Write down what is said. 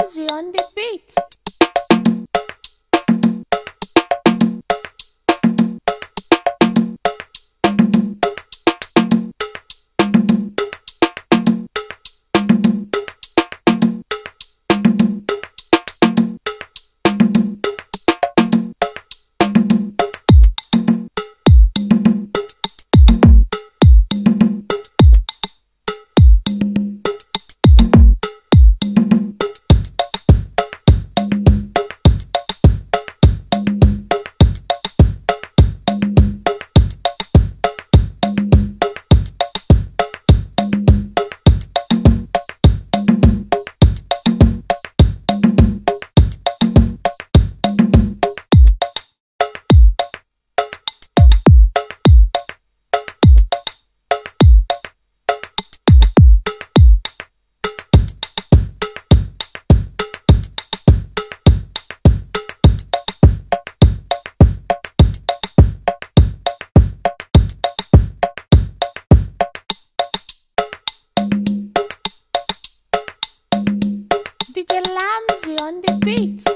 Ramsey on the beat. on the beat.